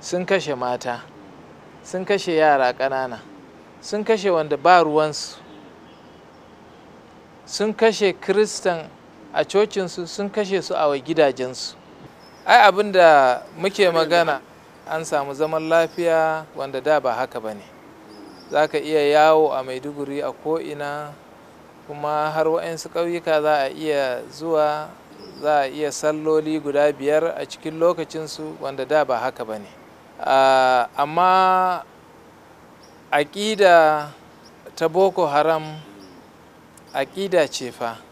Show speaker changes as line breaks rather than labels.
sun kashe mata sun kashe yara ƙanana sun kashe wanda ba ruwansu sun kashe kristan a cocinsu sun kashe su a gidajensu ai abin da muke magana an samu zaman lafiya wanda da ba haka ba ne za ka iya yawo a maiduguri a ko'ina kuma har waɗansu ƙauyuka za a iya zuwa za a iya salloli guda biyar a cikin lokacinsu wanda da ba haka ba ne Ah, amma aƙida ta boko haram aƙida ce fa